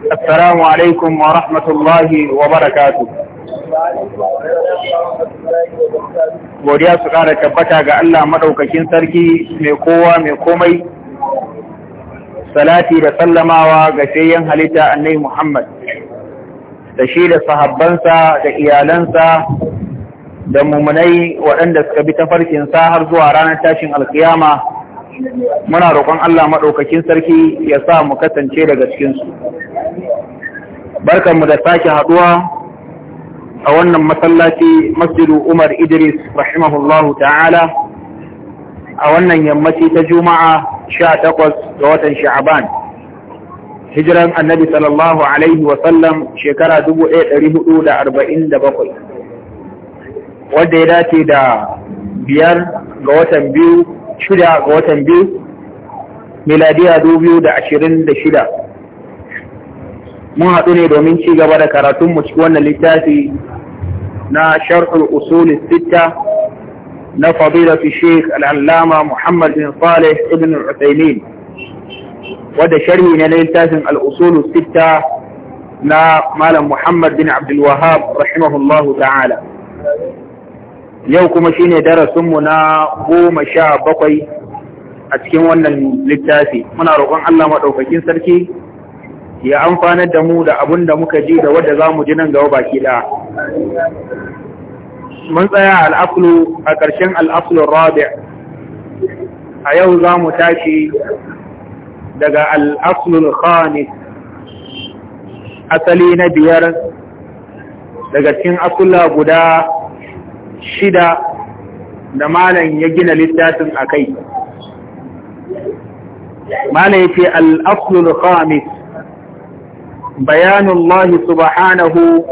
Assalamu alaikum wa rahmatullahi wa barakatu. Godiya su ƙara tabbata ga Allah maɗaukakin sarki mai kowa mai komai, salati da sallamawa ga shayyan halitta annai Muhammad, da shi da sahabbansa da iyalansa da mummunai waɗanda suka bi sa har zuwa ranar tashin alkiyama. muna roƙon Allah maɗaukacin sarki ya sa mu kasance daga cikinsu. Barkan mu da sake haduwa a wannan masallaci masjidu Umar Idris rahimahullahu ta'ala a wannan yammaci ta Juma'a 18 ga watan Sha'aban hijiran Annabi sallallahu alaihi wa sallam shekara 1447 wanda ya dace da biyar ga watan biyu shida ga watan biyu miladiya 2026 mun haɗu ne domin ci gaba da karatun mu cikin wannan littafi na sharhul usul sita na fadilatu Sheikh al-Allama Muhammad bin Saleh ibn Uthaymeen wadda sharhi ne na littafin alusulu sita sitta na Malam Muhammad bin abdulwahab Wahhab rahimahullahu ta'ala yau kuma shine darasin mu na goma sha bakwai a cikin wannan littafi muna roƙon Allah maɗaukakin sarki ya amfanar da mu da abin da muka ji da wadda za mu ji nan gaba baki da. mun tsaya al'aflu a ƙarshen al'aflun rabi a yau za mu tashi daga al'aflun khamis asali na biyar daga cikin asula guda shida da malam ya gina littafin a kai malam ya ce al'aflun khamis بيان الله سبحانه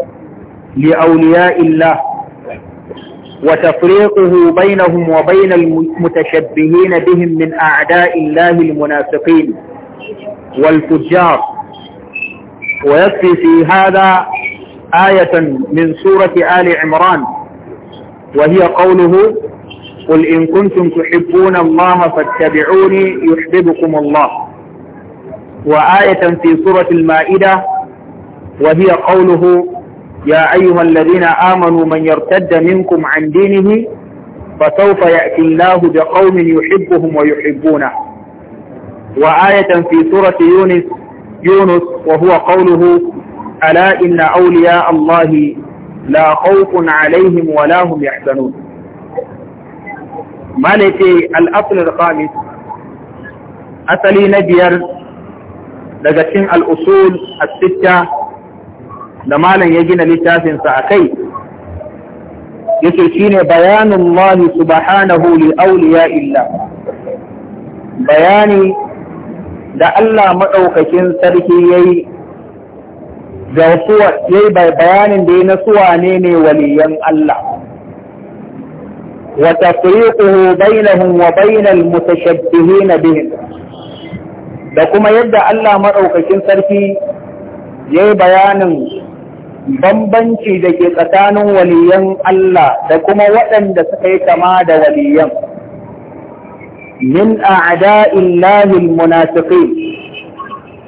لأولياء الله وتفريقه بينهم وبين المتشبهين بهم من أعداء الله المنافقين والفجار ويكفي في هذا آية من سورة آل عمران وهي قوله قل إن كنتم تحبون الله فاتبعوني يحببكم الله وآية في سورة المائدة وهي قوله يا أيها الذين آمنوا من يرتد منكم عن دينه فسوف يأتي الله بقوم يحبهم ويحبونه وآية في سورة يونس يونس وهو قوله ألا إن أولياء الله لا خوف عليهم ولا هم يحزنون مالك الأصل الخامس أصلي نبيا لذلك الأصول الستة da malam ya gina littafinsa a kai yake shine bayanun mali subhanahu li auliya illa bayani da Allah maɗaukakin sarki ya yi ga bayanin da ya na suwa ne ne waliyan Allah wa tafriquhu bainahum wa bainal mutashabbihina bihim da kuma yadda Allah maɗaukakin sarki ya yi bayanin bambanci da ke tsakanin waliyan Allah da kuma waɗanda suka yi kama da waliyan. Min a'da'in lahil munafiqin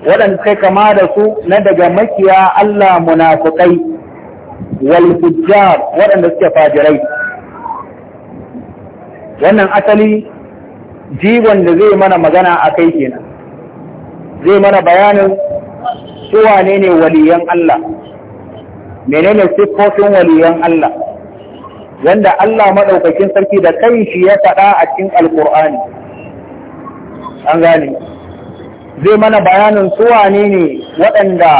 waɗanda suka kama da su na daga makiya Allah munafiqai wal fujjar waɗanda suke fajirai. Wannan asali jiwon da zai mana magana a kai kenan. Zai mana bayanin su wane ne waliyan Allah. menene siffofin waliyan Allah wanda Allah madaukakin sarki da kanshi ya faɗa a cikin alkur'ani an gane zai mana bayanin su wane ne waɗanda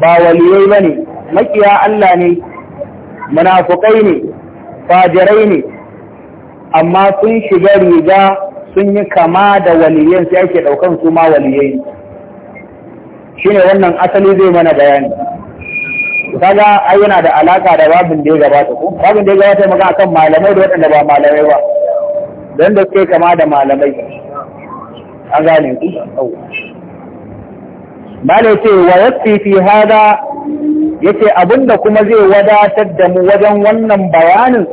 ba waliyai bane makiya Allah ne munafukai ne fajirai ne amma sun shiga riga sun yi kama da waliyan sai ake ɗaukan su ma waliyai shine wannan asali zai mana bayani kaga ai yana da alaka da babin da ya gabata ko babin da ya gabata maka akan malamai da waɗanda ba malamai ba don da suke kama da malamai an gane ku bale ce wa yafi fi hada yace abinda kuma zai wadatar da mu wajen wannan bayanin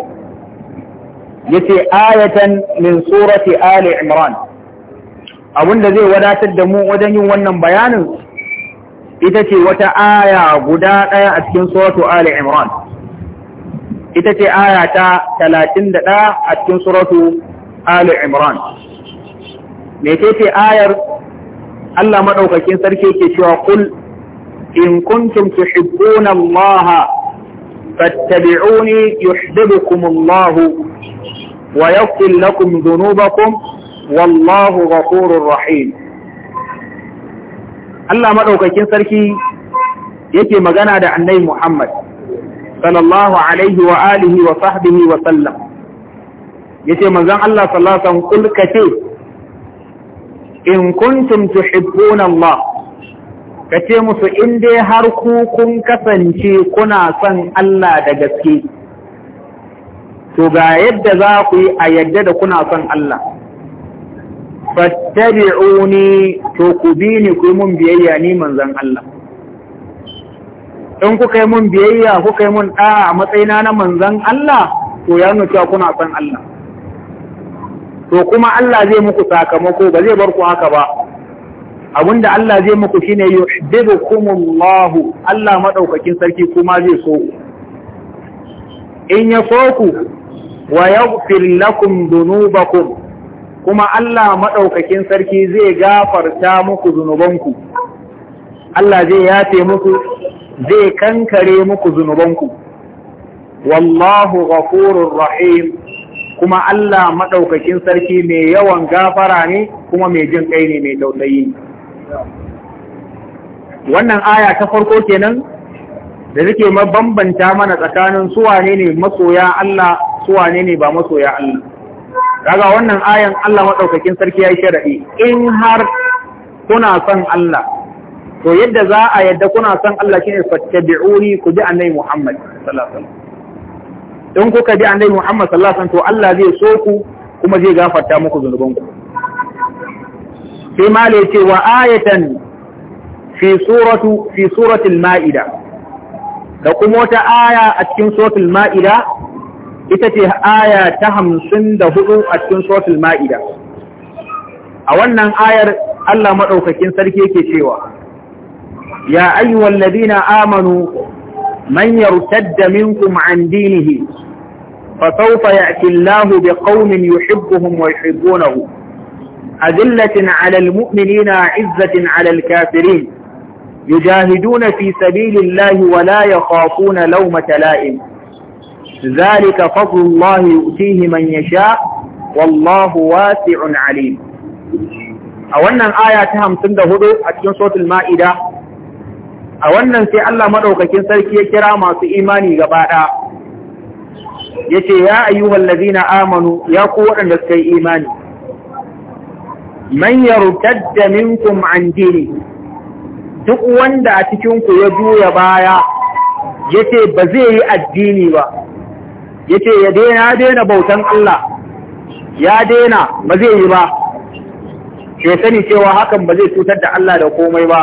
yace ayatan min surati ali imran abinda zai wadatar da mu wajen yin wannan bayanin ita ce wata aya guda ɗaya a cikin suratu Ali Imran ita ce aya ta 31 a cikin suratu Ali Imran me ce ayar Allah madaukakin sarki ke cewa kul in kuntum tuhibbuna Allah fattabi'uni yuhibbukum Allah wa yaghfir lakum dhunubakum wallahu ghafurur rahim Allah maɗaukakin sarki yake magana da annai Muhammad sallallahu alaihi wa alihi wa sahbihi wa sallam yace manzon Allah sallallahu alaihi wa sallam kace in kuntum tuhibbuna Allah ce musu in dai har ku kun kasance kuna son Allah da gaske to ga yadda za ku yi a yadda da kuna son Allah fattabi'uni to ku bi ni ku mun biyayya ni manzon Allah in kuka yi mun biyayya kuka yi mun ɗaya a matsayina na manzan Allah to ya nuna cewa kuna san Allah to kuma Allah zai muku sakamako ba zai bar ku haka ba abinda Allah zai muku shine yuhibbukumullahu Allah madaukakin sarki kuma zai so in ya so ku wa yaghfir lakum dhunubakum kuma Allah maɗaukakin sarki zai gafarta muku zunubanku, Allah zai yafe muku, zai kankare muku zunubanku. Wallahu ghafurur rahim kuma Allah maɗaukakin sarki mai yawan gafara ne kuma mai jin ƙai ne mai tausayi. Wannan aya ta farko kenan da suke mabambanta mana tsakanin suwa ne ne masoya Allah ne ne ba masoya Allah. kaga wannan ayan Allah maɗaukakin sarki ya yi sharaɗi in har kuna son Allah to yadda za a yadda kuna son Allah shine fattabi'uni ku bi annabi Muhammad sallasallam. alaihi in kuka bi annabi Muhammad sallasallam, to Allah zai so ku kuma zai gafarta muku zunubanku sai ma ce wa ayatan fi suratu fi suratul ma'ida da kuma wata aya a cikin suratul ma'ida ita ce aya ta hamsin da hudu a cikin suratul ma'ida a wannan ayar Allah maɗaukakin sarki yake cewa ya ayyuhal ladina amanu man yartadda minkum an dinihi fa sawfa ya'ti Allahu biqaumin yuhibbuhum wa yuhibbunahu adillatin 'alal mu'minina 'izzatin 'alal kafirin yujahiduna fi sabilillahi wa la yakhafuna lawmata la'im ذلك فضل الله يؤتيه من يشاء والله واسع عليم a wannan aya ta hamsin da hudu a cikin sotul ma'ida a wannan sai Allah maɗaukakin sarki ya kira masu imani gaba ɗaya ya ce ya ayyuhal lazina amanu ya ku waɗanda suka yi imani man yartadda minkum an dini duk wanda a cikinku ya juya baya ya ce ba zai yi addini ba ya ce ya daina daina bautan Allah ya daina ba zai yi ba Ke sani cewa hakan ba zai cutar da Allah da komai ba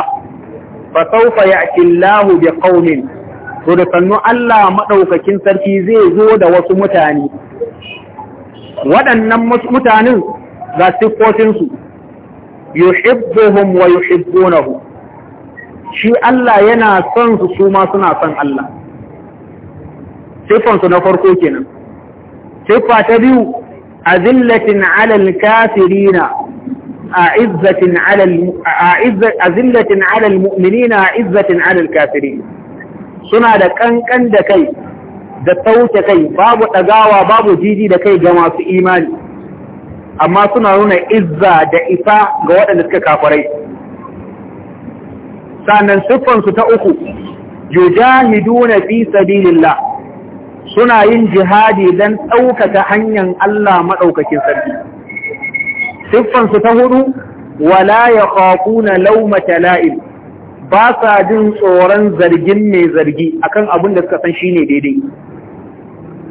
fa saufa ya'ti bi qaumin to da sannu Allah maɗaukakin sarki zai zo da wasu mutane waɗannan mutanen za su ga siffofinsu yuhibbuhum wa yuhibbunahu shi Allah yana son su su suna son Allah siffansu na farko kenan siffa ta biyu azillatin alal kafirina a alal alal mu'minina alal kafirin suna da ƙanƙan da kai da sauke kai babu ɗagawa babu jiji da kai ga masu imani amma suna nuna izza da isa ga waɗanda suka kafarai sannan siffansu ta uku yujahiduna fi sabilillah suna yin jihadi don ɗaukaka hanyar Allah maɗaukakin sarki. Siffansu ta hudu, wala ya ƙaƙuna laumata la'il, ba sa jin tsoron zargin mai zargi akan abin da suka san shi ne daidai.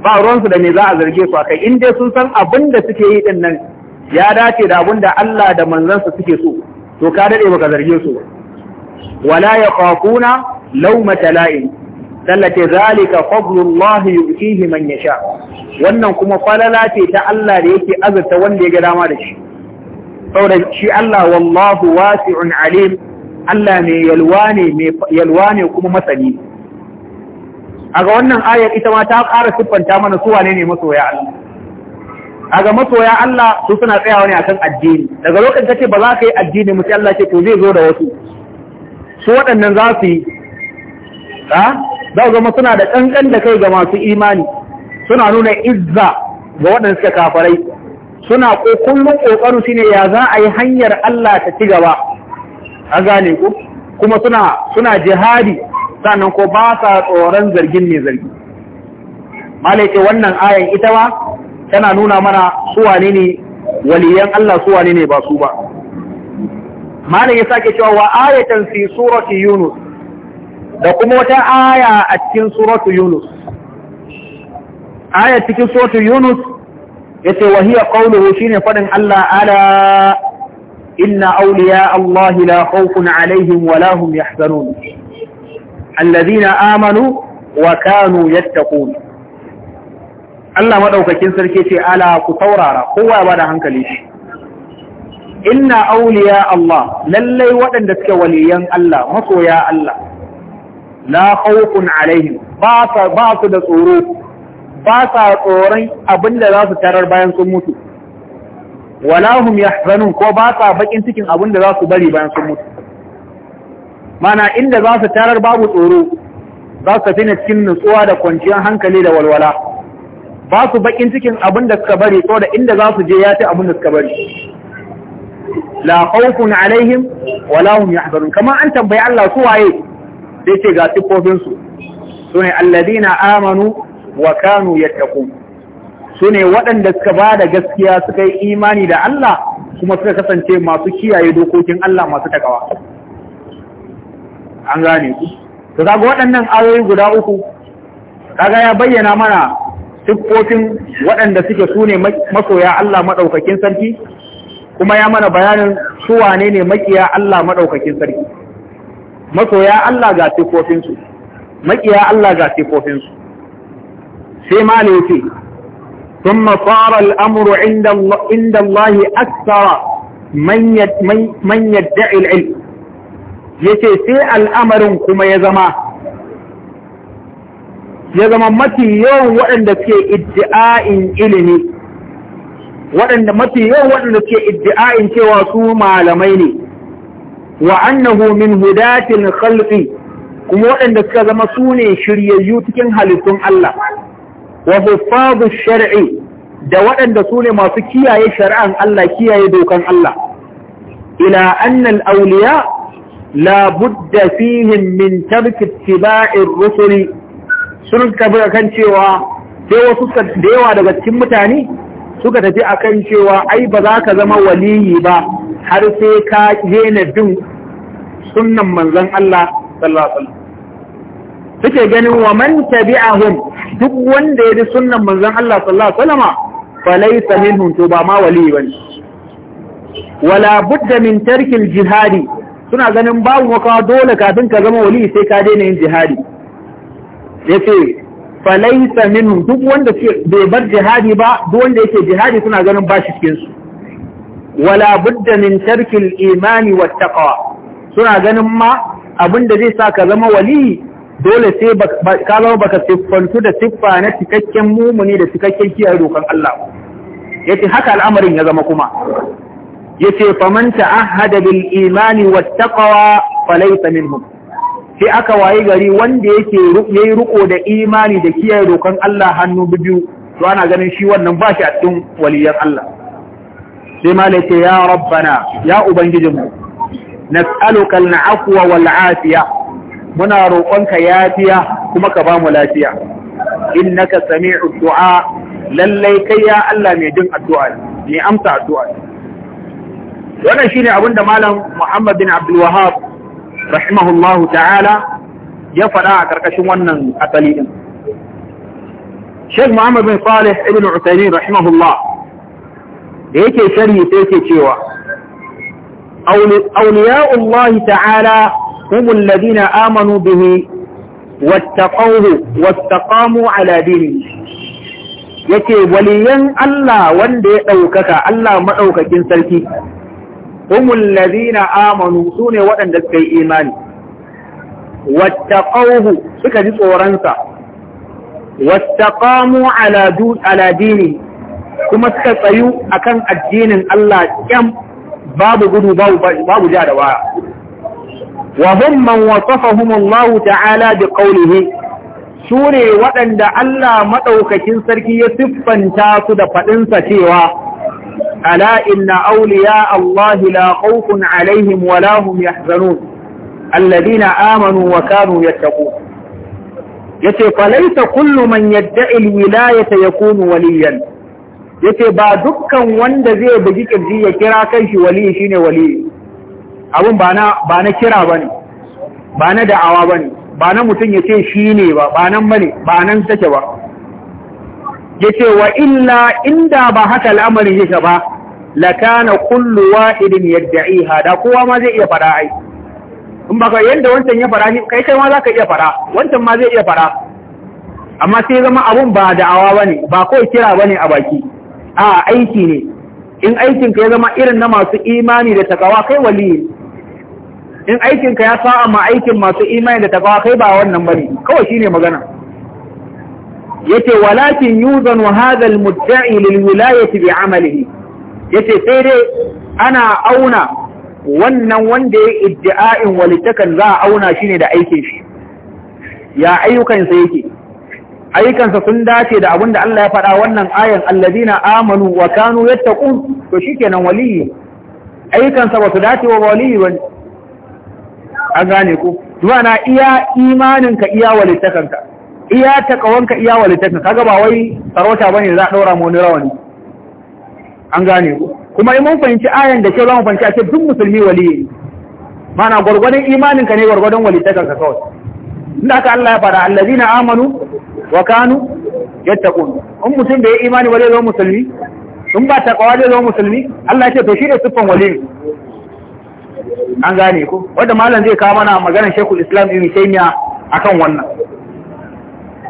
Ba ruwansu da me za a zarge su a in dai sun san abin da suke yi ɗin nan ya dace da abin da Allah da manzansa suke so, to ka daɗe baka zarge su. Wala ya ƙaƙuna laumata la'il, dalla ce zalika fadlullahi yu'tihi man yasha wannan kuma falala ce ta Allah da yake azurta wanda ya ga dama da shi saboda shi Allah wallahu wasi'un alim Allah mai yalwa ne mai yalwa kuma masani aga wannan ayar ita ma ta ƙara siffanta mana su wane ne masoya Allah aga masoya Allah su suna tsayawa ne akan addini daga lokacin kace ba za ka yi addini mu sai Allah ce to zai zo da wasu su waɗannan za su yi ha za zama suna da ƙanƙan da kai ga masu imani suna nuna izza ga waɗansu suka kafarai suna kullum ƙoƙarin ne ya za a yi hanyar Allah ta ci gaba a gane ku kuma suna suna jihadi sannan ko ba sa tsoron zargin mai zargi malai wannan ayan ita ba tana nuna mana wane ne waliyan Allah wane ne ba su ba malai ya sake cewa wa ayatan fi surati yunus da kuma wata aya a cikin suratu yunus aya cikin suratu yunus yace wa qawluhu shine fadin Allah ala inna awliya Allah la khawfun alaihim wa la hum yahzanun alladhina amanu wa kanu yattaqun Allah madaukakin sarki ce ala ku taurara kowa ba da hankali shi inna awliya Allah lallai waɗanda suke waliyan Allah masoya Allah la khawfun alaihim ba su da tsoro ba sa tsoron abinda za su tarar bayan sun mutu wala hum yahzanun ko ba sa bakin cikin abinda za su bari bayan sun mutu mana inda za su tarar babu tsoro za su tafi na cikin nutsuwa da kwanciyar hankali da walwala ba su bakin cikin abinda suka bari ko da inda za su je ya ci abin da suka bari la khawfun alaihim wala hum yahzanun Kamar an tambayi Allah su waye sai ce ga siffofinsu su ne alladina amanu wa kanu yattaqun su ne waɗanda suka ba da gaskiya suka yi imani da Allah kuma suka kasance masu kiyaye dokokin Allah masu takawa an gane ku to kaga waɗannan ayoyi guda uku kaga ya bayyana mana siffofin waɗanda suke su ne masoya Allah maɗaukakin sarki kuma ya mana bayanin su wane ne makiya Allah maɗaukakin sarki makoya Allah ga tekofinsu, makiya Allah ga tekofinsu, sai ma ne yake, sun masara al’amuru inda Allah ya tsara manyan da’il’il, yake sai al’amarin kuma ya zama, ya zama mafi yawan waɗanda ke iddi’a’in ilimi, waɗanda mafi yawan waɗanda ke iddi’a’in cewa su malamai ne. wa annahu min hudatil khalqi kuma waɗanda suka zama sune shiryayyu cikin halittun Allah wa huffadu shar'i da waɗanda sune masu kiyaye shari'an Allah kiyaye dokan Allah ila annal auliya la budda fihim min sun kabira kan cewa sai wasu da yawa daga cikin mutane suka tafi akan cewa ai ba za ka zama waliyi ba har sai ka daina bin sunan manzon Allah sallallahu alaihi wasallam suke ganin wa man tabi'ahum duk wanda ya sunan sunnan manzon Allah sallallahu alaihi wasallam falaysa minhum to ba ma waliyi bane wala budda min tarkil jihadi suna ganin babu makawa dole kafin ka zama waliyi sai ka daina yin jihadi yace falaisa minhum duk wanda bai bar jihadi ba duk wanda yake jihadi suna ganin bashi cikin su wala budda min tarkil imani wat taqwa suna ganin ma abinda zai sa ka zama wali dole sai ka zama baka siffantu da siffa na cikakken mumuni da cikakken kiyaye dokan Allah yace haka al'amarin ya zama kuma yace faman ta'ahada bil imani wat taqwa falaysa minhum sai aka wayi gari wanda yake yayi ruko da imani da kiyaye rokan Allah hannu biyu to ana ganin shi wannan ba shi a cikin waliyan Allah sai malaike ya rabbana ya ubangijinmu nas'aluka na afwa wa afiya muna roƙonka yafiya kuma ka bamu lafiya innaka sami du'a lallai kai ya Allah mai jin addu'a mai amsa addu'a wannan shine abinda malam Muhammad bin Abdul rahimahullahu ta'ala ya faɗa a ƙarƙashin wannan asali ɗin. Sheikh Muhammad bin Salih ibn Uthaymeen rahimahullah da yake sharhi sai yake cewa awliya'ullahi ta'ala hum alladhina amanu bihi wattaqawhu wattaqamu ala dinihi yake waliyan Allah wanda ya ɗaukaka Allah maɗaukakin sarki humul ladina amanu sune waɗanda suka yi imani wattaqawhu suka ji tsoronsa wattaqamu ala ala dini kuma suka tsayu akan addinin Allah kyam babu gudu babu ja da waya wa hum man wasafahum Allah ta'ala sune waɗanda Allah maɗaukakin sarki ya siffanta su da faɗinsa cewa ألا إن أولياء الله لا خوف عليهم ولا هم يحزنون الذين آمنوا وكانوا يتقون yace falaita kullu man yadda'i alwilayata yakunu waliyan yace ba dukkan wanda zai bugi kirji ya kira kanshi wali shine wali abun ba na ba na kira bane ba na da'awa bane ba na mutun yace shine ba ba nan bane ba nan take ba ya ce wa illa inda ba haka al'amarin yake ba lakana irin yadda yadda'iha da kowa ma zai iya fara ai in baka yadda wancan ya fara kai kai ma zaka iya fara wancan ma zai iya fara amma sai zama abun ba da'awa awa ba kawai kira ne a baki a aiki ne in aikin ka ya zama irin na masu imani da takawa kai wali in aikin ka ya sa'a ma aikin masu imani da takawa kai ba wannan ba ne. kawai shi ne magana yace walakin yuzanu hadha almudda'i lilwilayati bi'amalihi yace sai dai ana auna wannan wanda ya iddia'in walitakan za a auna shi ne da aikin shi ya ayyukansa yake ayyukansa sun dace da abinda Allah ya faɗa wannan ayan alladina amanu wa kanu yattaqun to shikenan waliyi ayyukansa ba su dace wa waliyi ba an gane ku zuwa na iya imanin ka iya walitakanka iya takawanka iya walitanka kaga ba wai sarauta bane za a daura mu wani rawani an gane ku kuma in mun fahimci ayan da ke za mu fahimci a ce duk musulmi waliyi mana gwargwadon imaninka ne gwargwadon ka kawai inda aka Allah ya fara allazina amanu wa kanu yattaqun in mutum da ya imani wale zo musulmi in ba takawa zai zo musulmi Allah ya ce to shi ne siffan wali an gane ku wanda malam zai kawo mana maganar shekul Islam Ibn miya akan wannan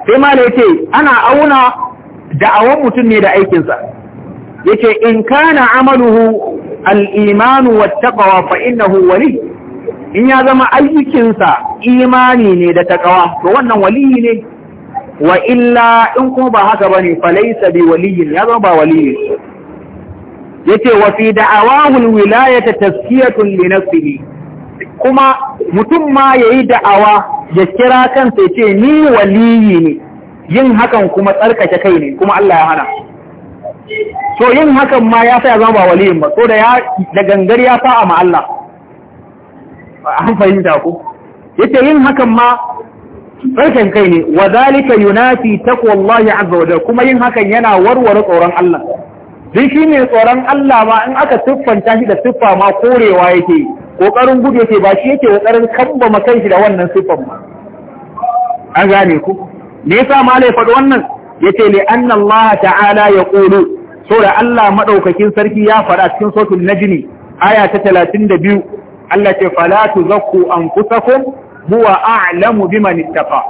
sai ma yace ana auna da'awan mutum ne da aikinsa yace in kana amaluhu al-imanu wat-taqwa fa innahu wali in ya zama aikinsa imani ne da taqwa to wannan wali ne wa illa in kuma ba haka bane fa laysa bi waliyin ya zama ba wali yace wa fi da'awahu al-wilayata tazkiyatun li nafsihi kuma mutum ma ya yi da'awa ya kira kansa ce ni waliyi ne yin hakan kuma tsarkake kai ne kuma Allah ya hana so yin hakan ma ya sa ya zama ba waliyin ba so da ya da gangar ya fa'a ma Allah an fahimta ku yace yin hakan ma tsarkan kai ne wa zalika yunafi taqwallahi azza wa kuma yin hakan yana warware tsoron Allah dan shi ne tsoron Allah ma in aka tuffanta shi da tuffa ma korewa yake yi. kokarin gudu yake ba shi yake kokarin kamba makan shi da wannan sifan ba an gane ku me yasa malai faɗi wannan yace li anna Allah ta'ala yaqulu so da Allah madaukakin sarki ya faɗa cikin suratul najmi aya ta 32 Allah ce fala tuzakku anfusakum huwa a'lamu biman ittaqa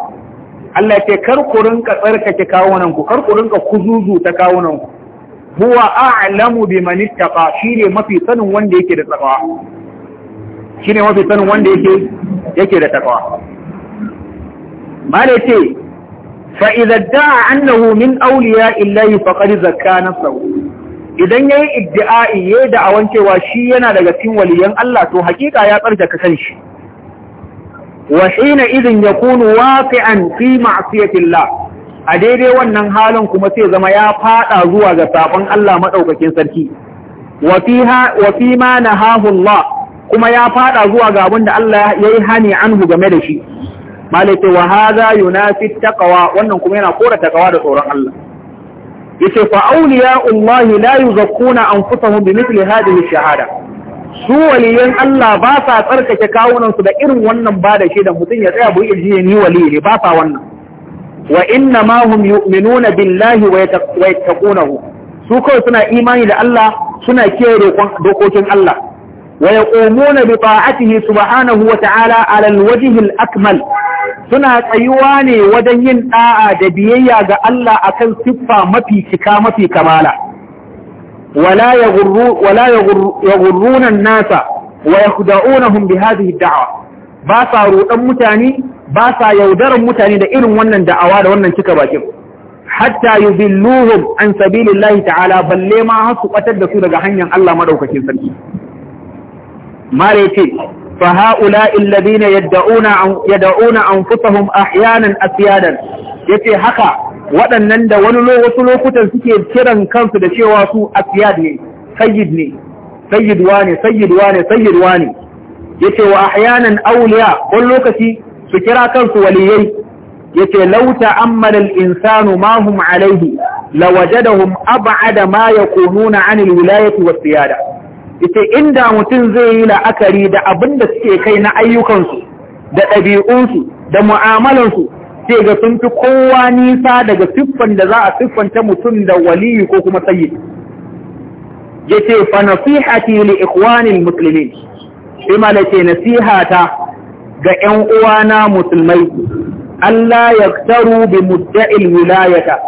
Allah ce kar ku rinka tsarkake kawunan ku kar ku rinka kuzuzu ta kawunan ku huwa a'lamu biman ittaqa shine mafi sanin wanda yake da tsakawa shine mafi sanin wanda yake yake da takawa malai ce fa idza da'a annahu min awliya illahi faqad zakka sau. idan yayi iddi'ai yayi da'awan cewa shi yana daga cikin waliyan Allah to haƙiƙa ya tsarkaka kanshi wa hina idin yakunu waqi'an fi ma'siyati Allah a daidai wannan halin kuma sai zama ya faɗa zuwa ga sabon Allah madaukakin sarki wa fiha fi ma kuma ya fada zuwa ga abin da Allah ya yi hani anhu game da shi malaka wa hadha yunafi taqwa wannan kuma yana kora taqwa da tsoron Allah yace fa awliya'ullahi la yuzakkuna anfusahum bimithli hadhihi shahada su waliyan Allah ba sa tsarkake kawunansu da irin wannan ba da da mutum ya tsaya bai irji ni wali ne ba sa wannan wa inna ma hum yu'minuna billahi wa yattaqunahu su kawai suna imani da Allah suna kiyaye dokokin Allah ويقومون بطاعته سبحانه وتعالى على الوجه الأكمل suna tsayuwa ne wajen yin ɗa'a da biyayya ga Allah akan siffa mafi cika mafi kamala wala yaghurruna nasa wa yakhda'unahum bi hadhihi ad ba sa rudan mutane ba sa yaudaran mutane da irin wannan da'awa da wannan cika bakin hatta yudilluhum an sabilillahi ta'ala balle ma har su ɓatar da su daga hanyar Allah maɗaukacin sarki mala yace fa haula alladhina yad'una yad'una anfusahum ahyanan asyadan yace haka waɗannan da wani wasu lokutan suke kiran kansu da cewa su asiyad ne sayid ne sayyidwa ne sayyidwa ne sayyidwa ne yace wa ahyanan auliya wani lokaci su kira kansu waliyai yace lauta ta'ammala al-insanu ma hum alayhi lawajadahum ab'ada ma yakununa 'anil wilayati wasu yada. ita inda mutum zai yi la'akari da abin da suke kai na ayyukansu da ɗabi'unsu da mu'amalansu sai ga sun fi kowa nisa daga siffan da za a siffanta mutum da waliyu ko kuma Ya ce fa nasihati li ikwanin musulmi sai nasiha nasihata ga 'yan uwana musulmai Allah Ya yaktaru bi mudda'il wilayata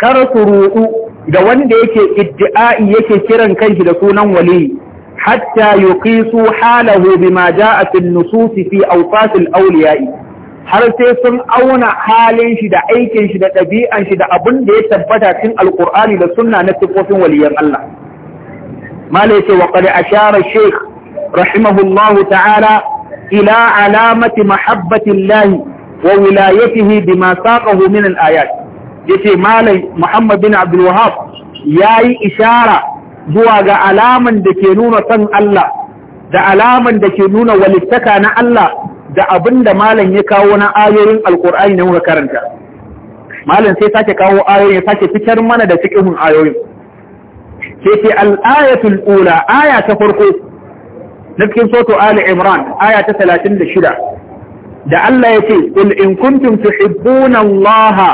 kar su ruɗu ga wanda yake iddi'a'i yake kiran kanshi da sunan wali hatta yuqisu halahu bima ja'a fil nusus fi awsaf al awliya'i har sai sun auna halin shi da aikin shi da dabi'an shi da abin da ya tabbata cikin alkur'ani da sunna na sifofin waliyan Allah malai ce wa qad ashara sheikh rahimahullahu ta'ala ila alamati mahabbati Allah wa wilayatihi bima saqahu min al-ayat Ya ce malai Muhammad bin Abdul Wahhab yayi ishara zuwa ga alaman da ke nuna san Allah da alaman da ke nuna walittaka na Allah da abinda malam ya kawo na ayoyin alkur'ani ne muka karanta malam sai sake kawo ayoyin ya sake fitar mana da cikin ayoyin sai ce al-ayatul ula aya ta farko na cikin soto Ali Imran aya ta 36 da Allah ya ce kul in kuntum tuhibbuna allaha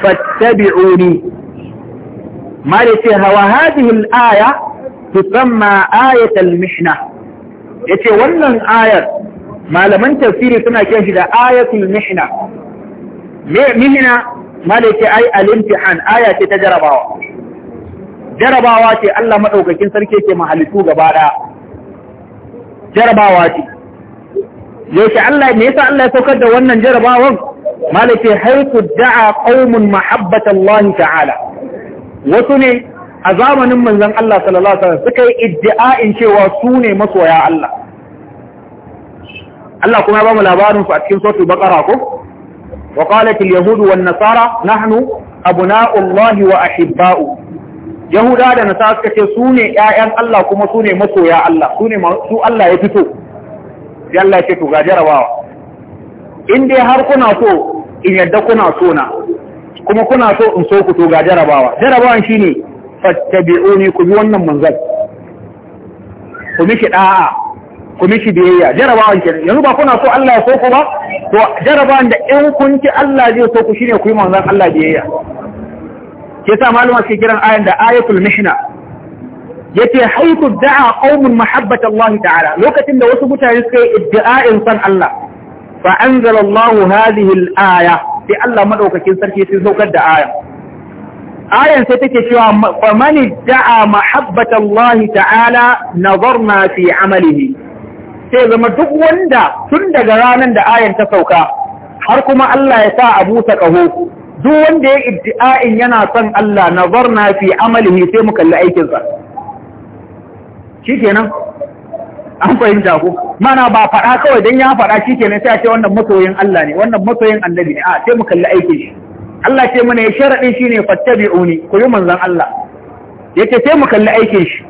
fattabi'uni ma da ce hawa hadihil aya tusamma ayatul mishna yace wannan ayar malaman tafsiri suna kiran da ayatul mihna mihna malaka ai al-imtihan aya ce ta jarabawa jarabawa ce Allah madaukakin sarki yake mahalitu gaba daya jarabawa ce yace Allah me yasa Allah ya saukar da wannan jarabawan malaka haiku da'a qaumun mahabbatallahi ta'ala wasu ne a zamanin manzon Allah sallallahu alaihi wasallam suka yi iddia'in cewa su ne masoya Allah Allah kuma ya ba mu labarin su a cikin suratul baqara ko wa qalat al yahud wan nasara nahnu abna'u Allah wa ahibba'u yahuda da nasara suka ce su ne ƴaƴan Allah kuma su ne masoya Allah su ne su Allah ya fito sai ya ce to ga jarabawa in dai har kuna so in yadda kuna so na kuma kuna so in so ku to ga jarabawa jarabawan shine fattabi'uni ku bi wannan manzal ku mishi ɗa'a, ku mishi biyayya jarabawan kenan yanzu ba kuna so Allah ya so ku ba to jarabawan da in kun ci Allah zai so ku shine ku yi manzan Allah biyayya ke sa malama suke kiran ayan da ayatul mihna yace haitu da'a qaumun mahabbata Allah ta'ala lokacin da wasu mutane suka yi iddia'in san Allah fa anzalallahu hadhihi al-aya sai Allah madaukakin sarki sun saukar da aya ayan sai take cewa fa man da'a mahabbata Allah ta'ala nazarna fi amalihi sai zama duk wanda tun daga ranar da ayan ta sauka har kuma Allah ya sa a busa kaho duk wanda ya iddi'a'in yana son Allah nazarna fi amalihi sai mu kalli aikinsa kenan. an fahimta ko mana ba faɗa kawai don ya faɗa shi kenan sai a ce wannan masoyin Allah ne wannan masoyin annabi ne a sai mu kalli aikin shi Allah ce mana ya sharaɗi shi ne fattabi'uni ku yi manzon Allah yace sai mu kalli aikin shi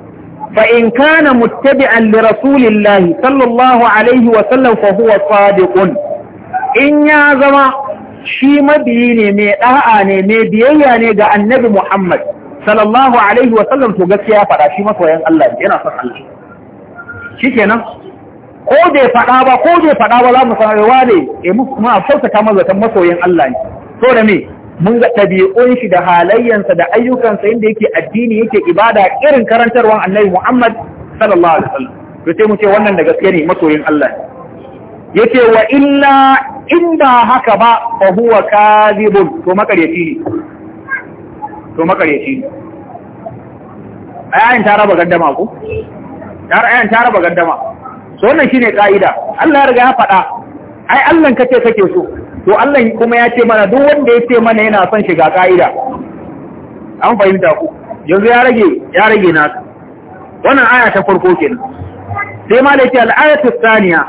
fa in kana muttabi'an li rasulillahi sallallahu alaihi wa sallam fa huwa sadiqun in ya zama shi mabiyi ne mai da'a ne mai biyayya ne ga annabi Muhammad sallallahu alaihi wa sallam to gaskiya faɗa shi masoyin Allah yana son Allah shikenan ko bai faɗa ba ko bai faɗa ba za mu sanar ne, e eh, muna sautaka mazatan masoyin Allah ne so da me mun ga ɗabi'un shi da halayyansa da ayyukansa inda yake addini yake ibada irin karantarwar annabi Muhammad sallallahu alaihi wasallam to sai mu ce wannan da gaske ne masoyin Allah yace wa illa ba haka ba fa huwa kadhibun to makaryaci ne to makaryaci ne ayin ta raba gaddama ko tar ayan ta raba gaddama so wannan shine kaida Allah ya riga ya faɗa ai Allah kace kake so to Allah kuma ya ce mana duk wanda ya ce mana yana son shiga kaida an fahimta ku yanzu ya rage ya rage nasu wannan aya ta farko kenan sai malai ce al-ayatu thaniya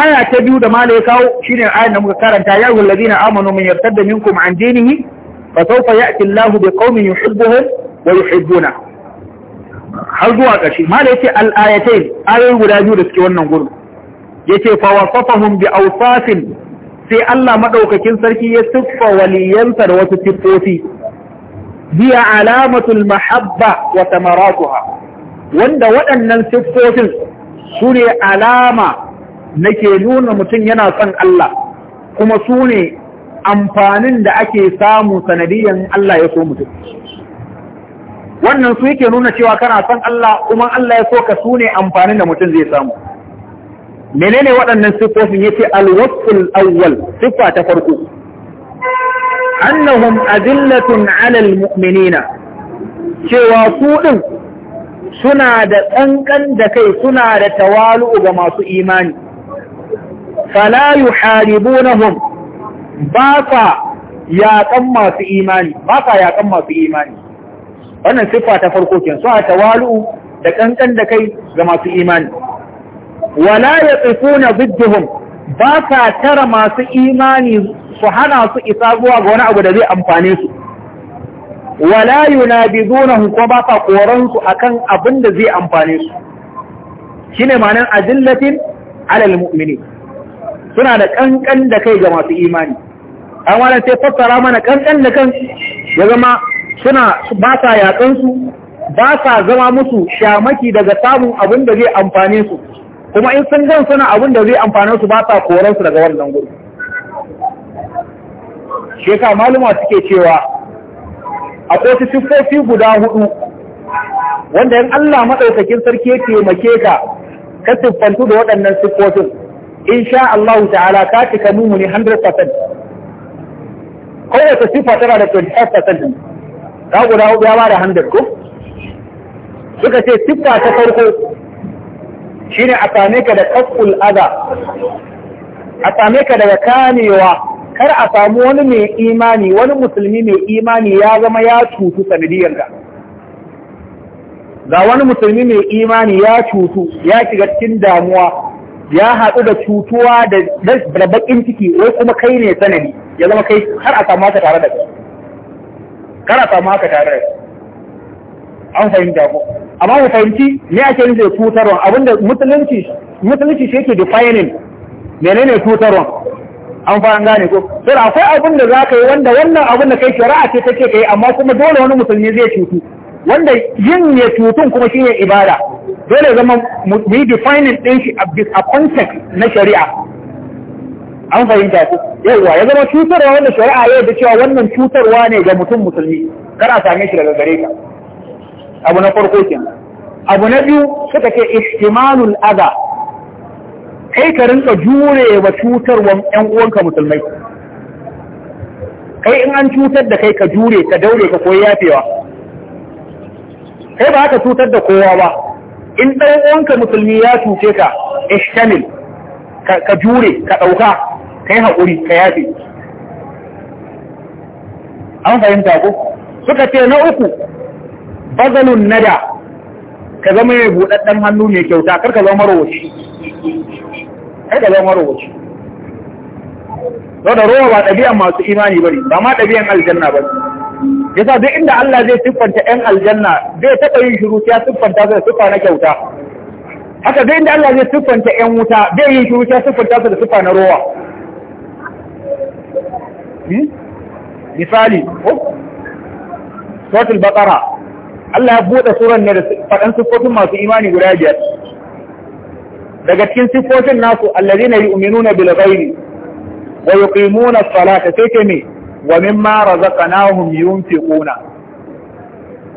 aya ta biyu da mala ya kawo shine ayar da muka karanta ya ayyuhal ladina amanu man yartadda minkum an dinihi fa sawfa ya'ti Allahu biqaumin yuhibbuhum wa yuhibbuna har zuwa ƙarshe mala yace al-ayatai ayoyi guda biyu da suke wannan gurin yace fa wasafahum bi awsafin sai Allah madaukakin sarki ya siffa waliyansa da wasu siffofi biya alamatul mahabba wa tamaratuha wanda waɗannan siffofin su ne alama nake nuna mutum yana son Allah kuma su ne amfanin da ake samu sanadiyan Allah ya so mutum wannan su yake nuna cewa kana san Allah kuma Allah ya so ka su ne amfanin da mutum zai samu menene waɗannan siffofin yace al-wasful awwal siffa ta farko annahum adillatun alal muminina cewa su din suna da tsankan da kai suna da tawalu ga masu imani fala yuharibunahum ba ka yaƙan masu imani ba ka yaƙan masu imani wannan siffa ta farko kin su tawalu da ƙanƙan da kai ga masu imani wala yaqifuna bidduhum ba ka tara masu imani su hana su isa zuwa ga wani abu da zai amfane su wala yunabidunahum ko ba ka koran a akan abin da zai amfane su shine manan ajillatin alal mu'mini suna da ƙanƙan da kai ga masu imani an wannan sai fassara mana ƙanƙan da kan ya zama suna ba sa yatsansu ba sa zama musu shamaki daga samun abin da zai amfane su kuma in sun gan suna abin da zai amfane su ba sa koransu daga wannan gudu sheka maluma suke cewa akwai su siffofi guda hudu wanda in Allah maɗaukakin sarki ya taimake ka ka siffantu da waɗannan siffofin in sha Allah ta'ala ka cika ne 100% kowace siffa tana da 25% ka guda hudu ya bada hannun ko suka ce siffa ta farko Shi ne a same ka da kaskul aza a same ka daga kanewa kar a samu wani mai imani wani musulmi mai imani ya zama ya cutu sanadiyarka ga wani musulmi mai imani ya cutu ya shiga cikin damuwa ya haɗu da cutuwa da baƙin ciki wai kuma kai ne sanadi ya zama kai har a samu wata tare da kai kana samu haka tare an fahimta ko amma mu fahimci ne ake nufin tutarwa abinda musulunci musulunci shi yake defining menene tutarwa an fara gane ko sai akwai abin da zaka yi wanda wannan abin da kai shari'a ce take kai amma kuma dole wani musulmi zai cutu wanda yin ya cutun kuma shine ibada dole zama mu yi defining din shi a context na shari'a an fahimta ku yauwa ya zama cutarwa wanda shari'a ya da cewa wannan cutarwa ne ga mutum musulmi kar a same shi daga gare ka abu na farko kenan abu na biyu suka ce ihtimalul adha kai ka rinka jure wa ƴan uwanka musulmai kai in an cutar da kai ka jure ka daure ka koyi yafewa kai ba ka cutar da kowa ba in ɗan uwanka musulmi ya cuce ka ihtamil ka jure ka ɗauka kai haƙuri ka yafe an fahimta ku suka ce na uku bazalun nada ka zama mai buɗaɗɗen hannu mai kyauta karka zama marowaci karka zama marowaci sau da rowa ba ɗabi'an masu imani bari ba ma ɗabi'an aljanna ba ya sa duk inda Allah zai siffanta ‘yan aljanna zai taɓa yin shiru ya siffanta su da siffa na kyauta haka zai inda Allah zai siffanta ‘yan wuta zai yin shiru ya siffanta su da siffa na rowa Hmm? misali suratul baƙara. Allah ya buɗe suran ne da faɗan siffofin masu imani guda biyar daga cikin siffofin nasu allazina yu'minuna bil ghairi wa yuqimuna as-salata sai ke me wa mimma razaqnahum yunfiquna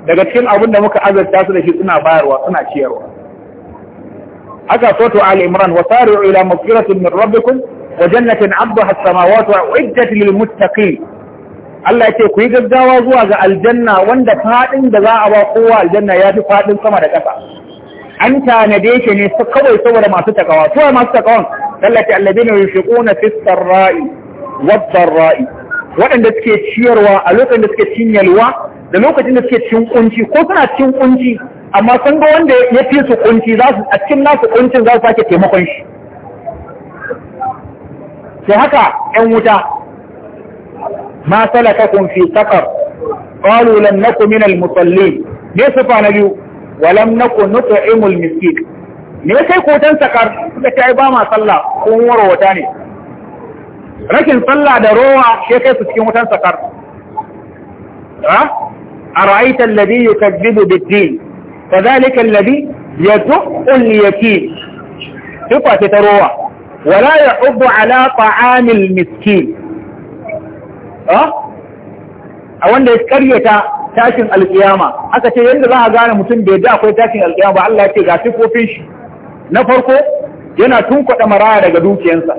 daga cikin abin da muka azarta su da shi suna bayarwa suna ciyarwa aka soto al-imran wa sari'u ila maghfiratin min kun? وجنة عبدها السماوات وعدت للمتقين Allah ce ku yi gaggawa zuwa ga aljanna wanda faɗin da za a ba kowa aljanna ya fi faɗin sama da ƙasa. An tanade shi ne kawai saboda masu takawa. Suwa masu takawan tallafi allabina yushiquna fistar ra'i, wa ra'i, Waɗanda suke ciyarwa a lokacin da suke cin yalwa da lokacin da suke cin kunci ko suna cin kunci amma sun ga wanda ya fi su kunci za su a cikin nasu kuncin za su sake taimakon shi. to haka ‘yan wuta ma salaka kun fi takar, qalu lam naku min al-musallin me fa na biyu wa lam naku imul miskin me sai ko tan sakar suka ce ai ba ma sallah ko warwata ne Rakin sallah da rowa sai kai su cikin wutan sakar ha ara'aita alladhi yukazzibu bid-din fadhalika alladhi yad'u al ya sifa ta rowa wala ya على طعام المسكين miskin a wanda ya karyata tashin alkiyama aka ce yadda za a gane mutum da ya da akwai tashin alkiyama ba Allah ya ce ga sifofin shi na farko yana kwada maraya daga dukiyansa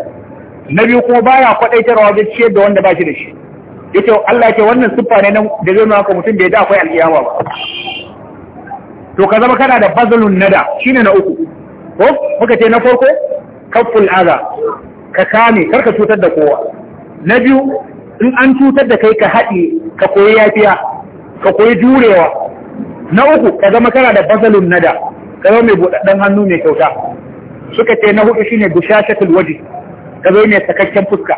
na biyu kuma baya kwadaitarwa da ciyar da wanda ba shi da shi yace Allah ce wannan siffa ne da zai nuna mutum da ya da akwai alkiyama ba to ka zama kana da bazalun nada shine na uku ko muka ce na farko kafful aza ka kame karka cutar da kowa na biyu in an cutar da kai ka haɗe ka koyi yafiya ka koyi jurewa na uku ka zama kana da bazalun nada ka zama mai buɗaɗɗen hannu mai kyauta suka ce na huɗu shine gushashatul waje ka zo ne sakakken fuska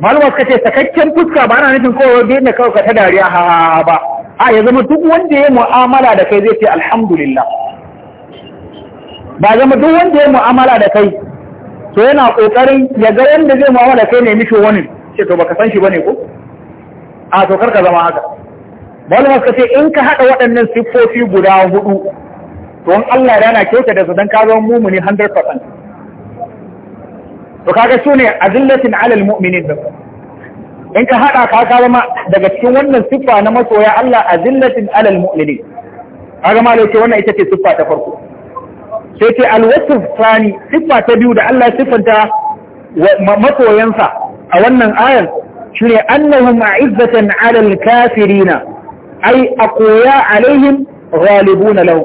malama suka ce sakakken fuska ba na nufin kowai bai da kawai ka ta dariya ha ba a ya zama duk wanda ya mu'amala da kai zai ce alhamdulillah ba zama duk wanda ya mu'amala da kai to yana kokarin ya ga yanda zai mu'amala da kai ne mishi wani ce to baka san shi bane ko a to karka zama haka wani ka ce in ka hada waɗannan siffofi guda hudu to in Allah yana kyauta da su dan ka zama mumuni 100% to kaga sune azillatin alal mu'minin da in ka hada ka kawo ma daga cikin wannan siffa na masoya Allah azillatin alal mu'minin kaga malai ce wannan ita ce siffa ta farko sai ce alwasuf Sani, siffa ta biyu da Allah siffanta makoyansa a wannan ayar shi ne annahum a izzatan alal kafirina ai a koya alaihim ghalibuna lau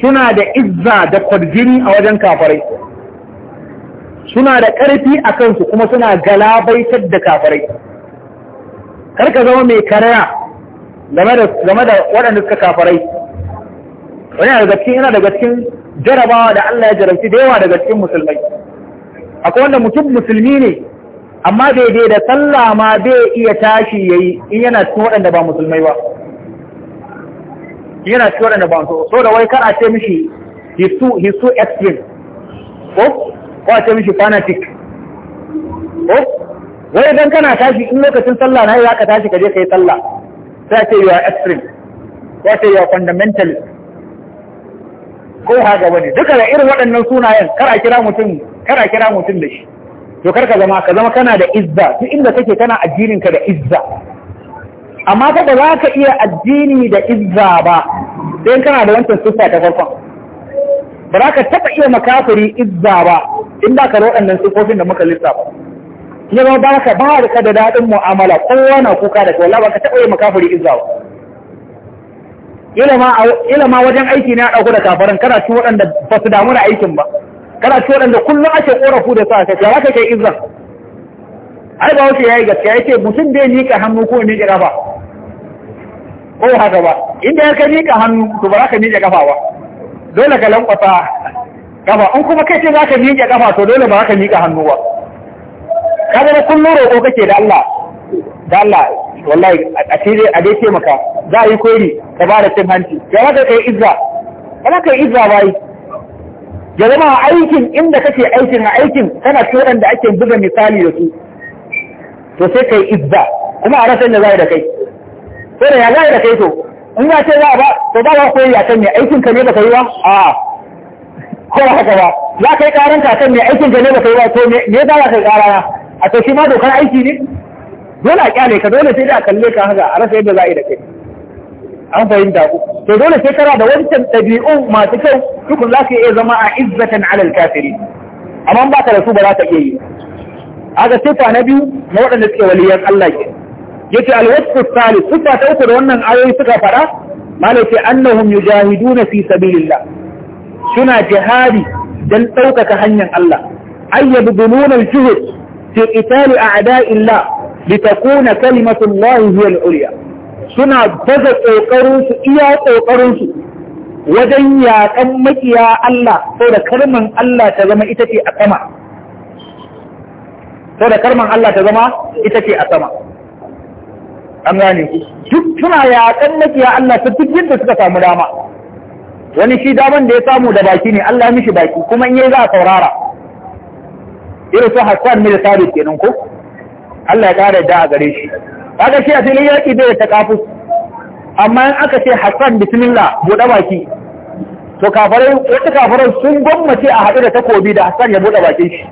suna da izza da kwarjini a wajen kafarai suna da ƙarfi a kansu kuma suna galabaitar da kafarai karka zama mai karaya game da waɗanda suka kafarai wani daga yana daga cikin jarabawa da Allah ya jarabci da yawa daga cikin musulmai akwai wanda mutum musulmi ne amma daidai da sallah ma bai iya tashi yayi in yana cikin waɗanda ba musulmai ba yana cikin waɗanda ba musulmai so da wai kar a ce mishi hisu hisu extreme ko ko a ce mishi fanatic ko wai idan kana tashi in lokacin sallah na yi ka tashi ka je ka yi sallah sai a ce yi wa extreme ko a ce yi wa fundamentalist ko gaba ne duka da irin waɗannan sunayen kar a kira mutum kar kira mutum da shi to kar ka zama ka zama kana da izza duk inda kake kana addinin ka da izza amma ka za ka iya addini da izza ba dan kana da wancan siffa ta farkon ba za ka taɓa iya makafiri izza ba in ba ka waɗannan siffofin da muka lissafa ya ba ba ka ba da daɗin mu'amala kowa na kuka da wallahi ba ka taɓa iya makafiri izza ba ilama wajen aiki ne a ɗauku da tafarin kana ci waɗanda ba su damu da aikin ba kana ci waɗanda kullum ake ƙorafu da sa ka ya ka kai izan ai ba wuce ya yi gaske. ya ce mutum bai miƙa hannu ko miƙa ƙafa ko haka ba inda ya ka miƙa hannu to ba za ka miƙa ƙafa ba dole ka lankwata ƙafa in kuma kai ce za ka miƙa ƙafa to dole ba za ka miƙa hannu ba ka kullum roƙo kake da Allah da Allah wallahi a cire a dai ce maka za a yi kori ka ba da cin hanci ya maka kai izza ba ka yi izza ba yi ya zama aikin inda kake aikin a aikin kana ce waɗanda ake buga misali da su to sai kai izza kuma a rasa da za da kai sai da ya za da kai to in ya ce za a ba to ba za koyi a kan mai aikin ka ne ba ka yi ba a ko ba haka ba za ka yi karanta kan mai aikin ka ne ba ka yi ba to me za ka yi karana a to shi ma dokar aiki ne dole a kyale ka dole sai da a kalle ka haka a rasa yadda za a yi da kai an fahimta ku to dole sai da wancan ɗabi'un masu kyau tukun za ka iya zama a izzatan alal kafiri amma ba ka da su ba za ka iya yi aga sifa na biyu na waɗanda suke waliyan Allah ke yace alwasfu salis sifa ta uku da wannan ayoyi suka fara malaka annahum yujahiduna fi sabilillah suna jihadi dan ɗaukaka hanyar Allah ayyabununa aljuhud fi qitali a'da'illah litakuna kalimatullahi hiya al-ulya suna baza kokarin iya kokarin wajen yaƙan makiya Allah saboda karman Allah ta zama ita ce a sama saboda karman Allah ta zama ita ce a sama an gane duk suna yaƙan makiya Allah ta duk yadda suka samu dama wani shi daman da ya samu da baki ne Allah mishi baki kuma in yayi za a saurara irin su Hassan ne da Sabit kenan ko Allah ya ƙara da a gare shi kaga shi a filin yaƙi bai da takafus amma in aka ce Hassan bismillah buɗe baki to kafarai wata kafarai sun gwammace a haɗu da takobi da Hassan ya buɗe bakin shi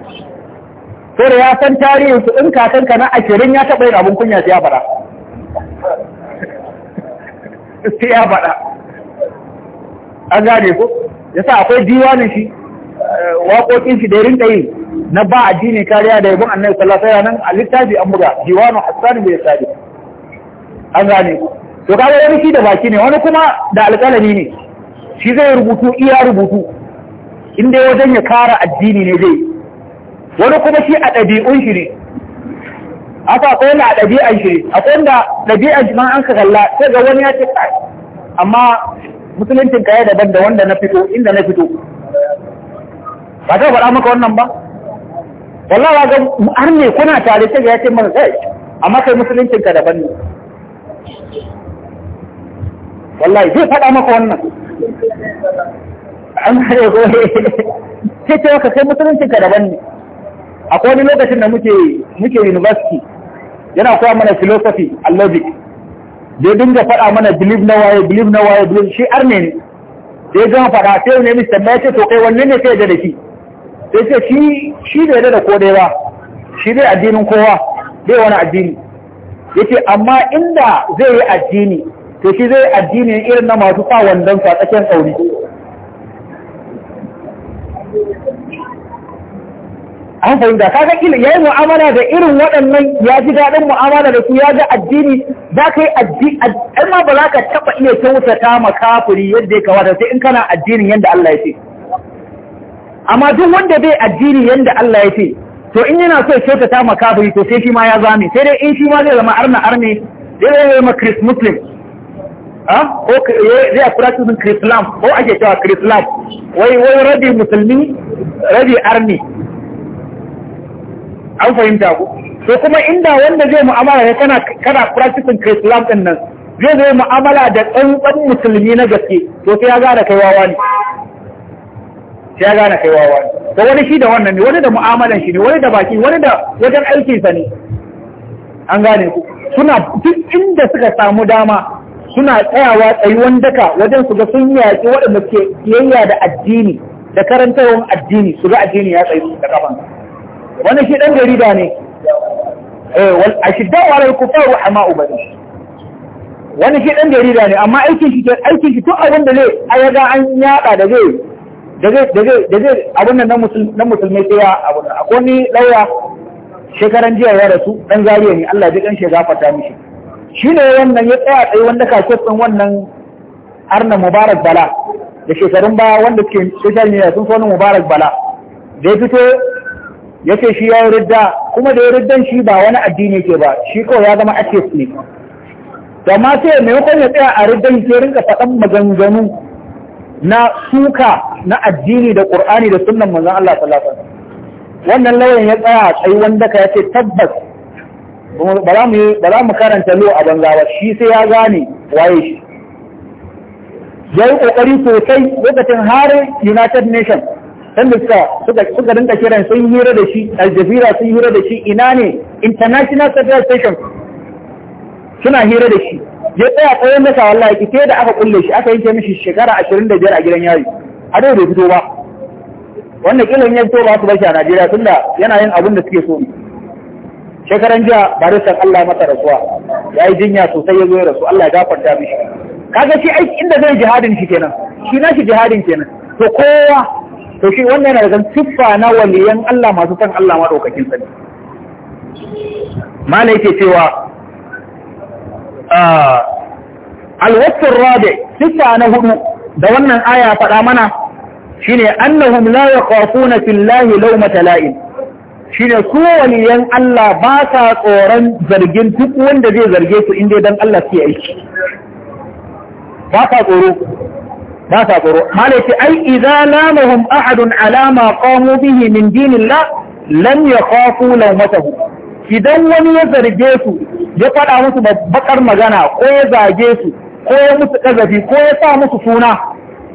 to da ya san tarihin su in ka na ashirin ya taɓa yin abin kunya sai ya faɗa sai ya faɗa an gane ko yasa akwai diwanin shi eh, waƙoƙin shi da rinka yi na ba addini kariya da yabon annabi sallallahu alaihi wasallam a littafi an buga diwanu hasan bai sadi an gane to kaga wani shi da baki ne wani kuma da alƙalami ne shi zai rubutu iya rubutu inda wajen ya kara addini ne zai wani kuma shi a ɗabi'un shi ne aka akwai wanda a ɗabi'an shi akwai wanda ɗabi'an shi ma an ka kalla sai ga wani ya ce amma musuluncin kaya daban da wanda na fito inda na fito ba ta faɗa maka wannan ba wallawa ga har ne kuna tare ta ya ce mana kai amma kai musulunci ka daban ne wallahi zai faɗa maka wannan an hare gobe sai ce maka kai musulunci ka daban ne akwai wani lokacin da muke muke university yana koya mana philosophy and logic da dinga faɗa mana believe na waye believe na waye believe shi arne ne da ya gama faɗa sai ne mista mai ce to kai wanne ne sai da shi sai ce shi shi da yadda da ko dai ba shi zai addinin kowa zai wani addini yace amma inda zai yi addini to shi zai addini irin na masu sa wandon sa tsakiyar tsauri an fahimta kaga kila yi mu'amala da irin waɗannan ya ji daɗin mu'amala da su ya ga addini za ka yi addini amma ba za ka taɓa iya kyautata ma kafiri yadda ya kawata sai in kana addinin yadda Allah ya ce amma duk wanda bai addini yanda Allah ya ce to in yana so ya kyautata makabari to sai shi ma ya zame sai dai in shi ma zai zama arna arne zai zama chris muslim ha ko zai kura cikin lam ko ake cewa lam wai wai rabi musulmi rabi arne an fahimta ku to kuma inda wanda zai mu'amala ya kana kana kura cikin lam din nan zai zai mu'amala da tsantsan musulmi na gaske to sai ya gane kai wawa ne sai ya gane kai wawa to wani shi da wannan ne wani da mu'amalan shi ne wani da baki wani da wajen aikinsa ne an gane ku suna duk inda suka samu dama suna tsayawa tsayuwan daka wajen su ga sun yaƙi waɗanda ke yayya da addini da karantarwar addini su ga addini ya tsayu da kafan Wani shi ɗan jarida ne eh, a shiddan walar kufar wa hama ubari wani shi ɗan jarida ne amma aikin shi aikin shi tun abin da zai a yaga an yaɗa da zai da zai abin nan na musulmai sai ya abin nan akwai ni lauya shekaran jiya ya rasu dan zariya ne Allah ji kan shi gafarta mishi shi ne wannan ya tsaya tsaye wanda kasuwar ɗin wannan arna mubarak bala da shekarun baya wanda ke social media sun sonu mubarak bala da ya fito ya ce shi ya yi ridda kuma da ya riddan shi ba wani addini ke ba shi kawai ya zama atheist ne da ma sai maimakon ya tsaya a riddan ke rinka faɗan maganganu na suka na addini da ƙur'ani da sunan Manzan Allah sallallahu alaihi wannan lauyan ya tsaya a tsayi wanda ka yace tabbas ba za mu karanta lo a banza ba shi sai ya gane waye shi ya yi ƙoƙari sosai lokacin har United Nations sanda suka suka rinka kiran sun hira da shi Aljazeera sun hira da shi ina ne International Federal Station suna hira da shi ya tsaya tsayin nasa wallahi sai da aka kulle shi aka yanke mishi shekara ashirin da biyar a gidan yari a dai bai fito ba wannan kilin ya fito ba su bashi a Najeriya da yana yin abin da suke so shekaran jiya ba san Allah masa rasuwa ya yi jinya sosai ya zo ya rasu Allah ya gafarta mishi kaga shi aiki inda zai jihadin shi kenan shi na shi jihadin kenan to kowa to shi wannan yana da siffa na waliyan Allah masu san Allah maɗaukakin sani mala ke cewa alwatsun rabe sisa na hudu da wannan aya faɗa mana shi shine annahum la yaqafuna fillahi lawmata la'in ne su waliyan Allah ba sa tsoron zargin duk wanda zai zarge su inda dan Allah ke aiki ba sa tsoro ba sa tsoro malaki ai idza lamahum ahadun alama ma qamu bihi min dinillah lam yakhafu lawmatahu idan wani ya zarge su ya faɗa musu bakar magana ko ya zage su ko ya musu ƙazafi ko ya sa musu suna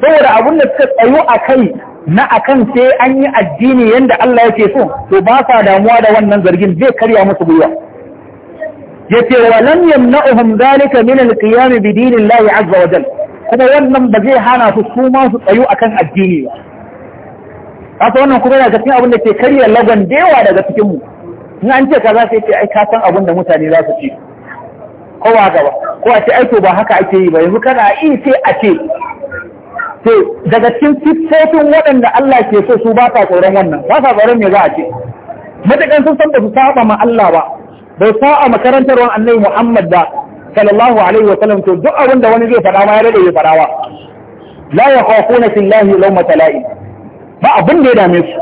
saboda abin da suka tsayo a kai na akan sai an yi addini yadda Allah yake so to ba sa damuwa da wannan zargin zai karya musu gwiwa Ya ce wa yamna'uhum zalika min al-qiyam bi dinillahi azza wa kuma wannan ba zai hana su su ma su tsayo akan addini ba kasa wannan kuma yana cikin abin da ke karya lagon dewa daga cikin mu in an ce kaza sai ce ai ka san abin da mutane za su ci kowa gaba ko a ce ai to ba haka ake yi ba yanzu kana yi ce a ce to daga cikin siffofin waɗanda Allah ke so su ba sa tsoron wannan ba sa tsoron me za a ce matakan sun san da su saba ma Allah ba da su saba makarantar wani annabi Muhammad da sallallahu alaihi wa sallam to duk abin da wani zai faɗa ma ya rade ya faɗa wa la yakhafuna fillahi lawmata la'im ba abin da ya dame su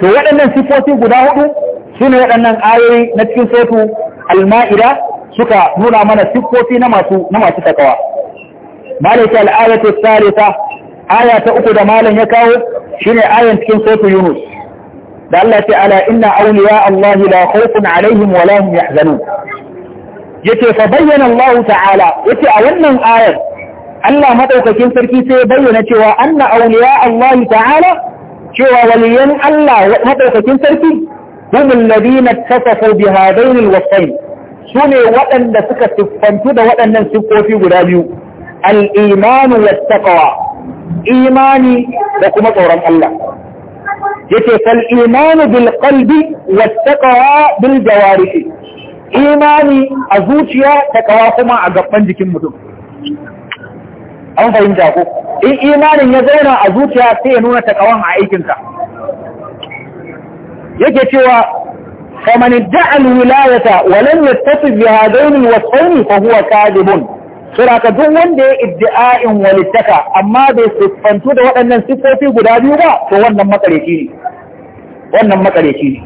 to waɗannan sifofi guda hudu su ne waɗannan ayoyi na cikin al alma'ida suka nuna mana siffofi na masu na masu takawa malaka al'ayatu salisa aya ta uku da malam ya kawo shi ne ayan cikin sotu yunus da Allah ya ce ala inna awliya Allah da khawfun alaihim wa la hum yahzanun yace fa bayyana Allah ta'ala ya ce a wannan ayar Allah madaukakin sarki sai ya bayyana cewa anna awliya Allah ta'ala cewa waliyan Allah madaukakin sarki هم الذين اتصفوا بهذين الوصفين sune waɗanda suka siffantu da waɗannan siffofi guda biyu al-imanu wattaqwa imani da kuma tsoron Allah yace fal imanu bil qalbi wattaqwa bil jawarihi imani a zuciya taqwa kuma a gaban jikin mutum an fahimta ko in imanin ya zauna a zuciya sai ya nuna taqwan a aikinka yake cewa فمن ادعى الولاية ولم يتصف بهذين الوصفين فهو كاذب saboda duk wanda ya iddia'in walittaka amma bai siffantu da waɗannan sifofi guda biyu ba to wannan makareci ne wannan makareci ne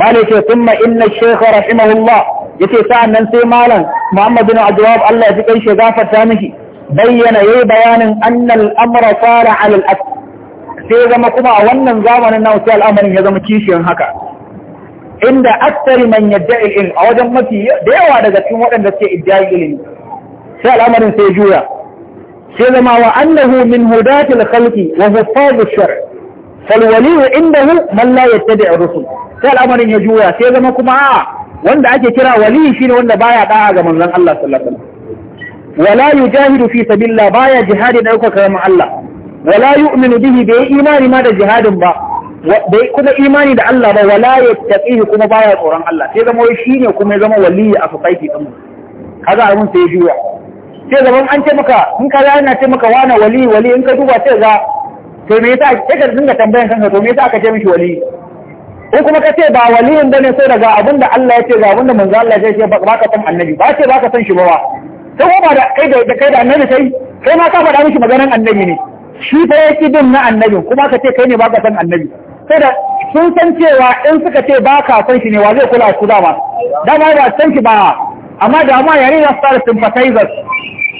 mali ce thumma inna shaykh rahimahullah yace sa'annan nan sai malam Muhammad bin Abdullah Allah ya ji kai shi gafarta miki bayyana yayi bayanin annal amra sara 'ala al sai ya zama kuma a wannan zamanin na wasu al'amarin ya zama kishiyar haka inda aksari man yadda ilil a wajen mafi yawa daga cikin waɗanda suke iddiyayi ilimi sai al'amarin sai juya sai zama wa annahu min hudatil khalqi wa huffaz shar fal waliyu, indahu man la yattabi ar-rusul sai al'amarin ya juya sai zama kuma a wanda ake kira wali shine wanda baya da'a ga manzon Allah sallallahu alaihi wasallam wala yujahidu fi sabilillah baya jihadi da ɗaukaka kalmar Allah wala yu'minu bihi bai imani ma da jihadin ba bai kuma imani da Allah ba wala yattaqihi kuma baya tsoron Allah sai zama shi kuma ya zama waliyi a society din kaga abun sai juya sai zama an ce maka in ka yana ce maka wani wali wali in ka duba sai ga to me ka kanka to me aka ce mishi kuma ka ce ba waliyin bane sai daga abin da Allah ya ce ga abin da manzo Allah ya ce ba ka san annabi ba ce ba ka san shi ba sai ba da kai da kai da annabi sai kai ma ka faɗa mishi maganar annabi ne shi ta ya bin na annabin kuma ka ce kai ne baka san annabi sai da sun san cewa in suka ce ba ka san shi ne wa zai kula su dama dama ba san shi ba amma da ma yare za su tsara sympathizers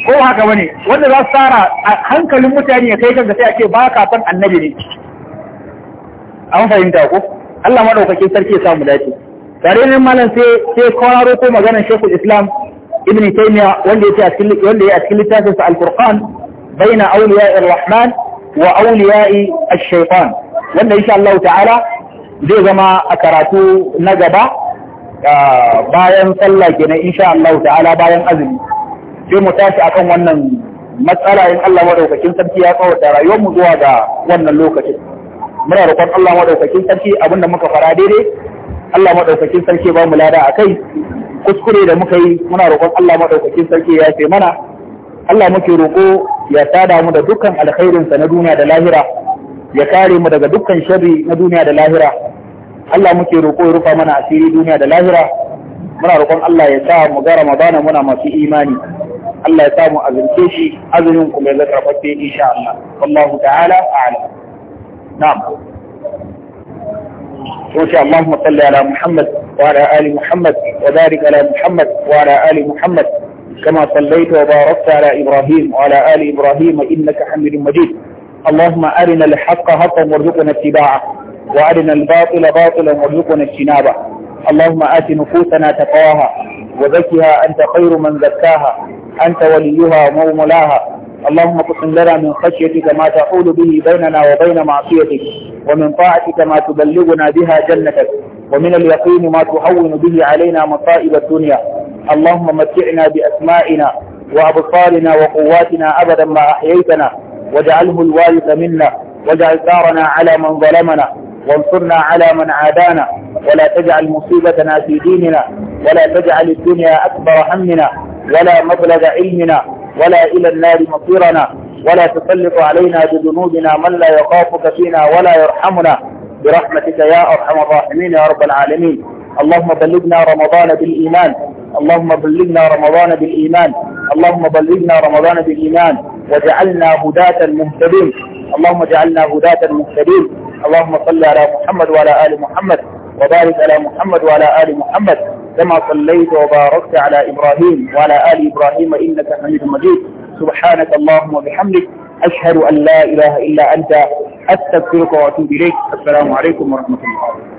ko haka bane wanda za su tsara hankalin mutane ya kai kan ga sai a ce ba ka san annabi ne an fahimta ko Allah madaukakin sarki ya samu dace tare ne malam sai sai kwararo ko maganar shekul Islam Ibn Taymiyyah wanda yake a cikin wanda yake a cikin littafin sa Al-Qur'an baina auliya'ir rahman wa auliya'i ash-shaytan wanda insha Allah ta'ala zai zama a karatu na gaba bayan sallah kenan insha Allah ta'ala bayan azumi sai mu tashi akan wannan matsala in Allah madaukakin sarki ya tsawata rayuwar mu zuwa ga wannan lokacin muna roƙon Allah madaukakin sarki abinda muka fara daidai Allah madaukakin sarki ba mu lada akai kuskure da muka yi muna roƙon Allah maɗaukakin sarki ya ce mana Allah muke roƙo ya sada mu da dukkan alkhairinsa na duniya da lahira ya kare mu daga dukkan sharri na duniya da lahira Allah muke roƙo ya rufa mana asiri duniya da lahira muna roƙon Allah ya sa mu ga Ramadana muna masu imani Allah ya sa mu azumce shi azumin kuma ya zarrafaffe insha Allah wallahu ta'ala a'lam na'am وشاء اللهم صل على محمد وعلى آل محمد وبارك على محمد وعلى آل محمد كما صليت وباركت على إبراهيم وعلى آل إبراهيم إنك حميد مجيد اللهم أرنا الحق حقا وارزقنا اتباعه وأرنا الباطل باطلا وارزقنا اجتنابه اللهم آت نفوسنا تقواها وزكها أنت خير من زكاها أنت وليها ومولاها اللهم اقسم لنا من خشيتك ما تحول به بيننا وبين معصيتك ومن طاعتك ما تبلغنا بها جنتك ومن اليقين ما تهون به علينا مصائب الدنيا اللهم متعنا بأسمائنا وأبصارنا وقواتنا أبدا ما أحييتنا واجعله الوارث منا واجعل ثارنا على من ظلمنا وانصرنا على من عادانا ولا تجعل مصيبتنا في ديننا ولا تجعل الدنيا أكبر همنا ولا مبلغ علمنا ولا إلى النار مصيرنا ولا تسلط علينا بذنوبنا من لا يخافك فينا ولا يرحمنا برحمتك يا أرحم الراحمين يا رب العالمين اللهم بلغنا رمضان بالإيمان اللهم بلغنا رمضان بالإيمان اللهم بلغنا رمضان بالإيمان وجعلنا هداة المهتدين اللهم اجعلنا هداة المهتدين اللهم صل على محمد وعلى آل محمد وبارك على محمد وعلى آل محمد كما صليت وباركت على إبراهيم وعلى آل إبراهيم إنك حميد مجيد سبحانك اللهم وبحمدك أشهد أن لا إله إلا أنت أستغفرك وأتوب إليك السلام عليكم ورحمة الله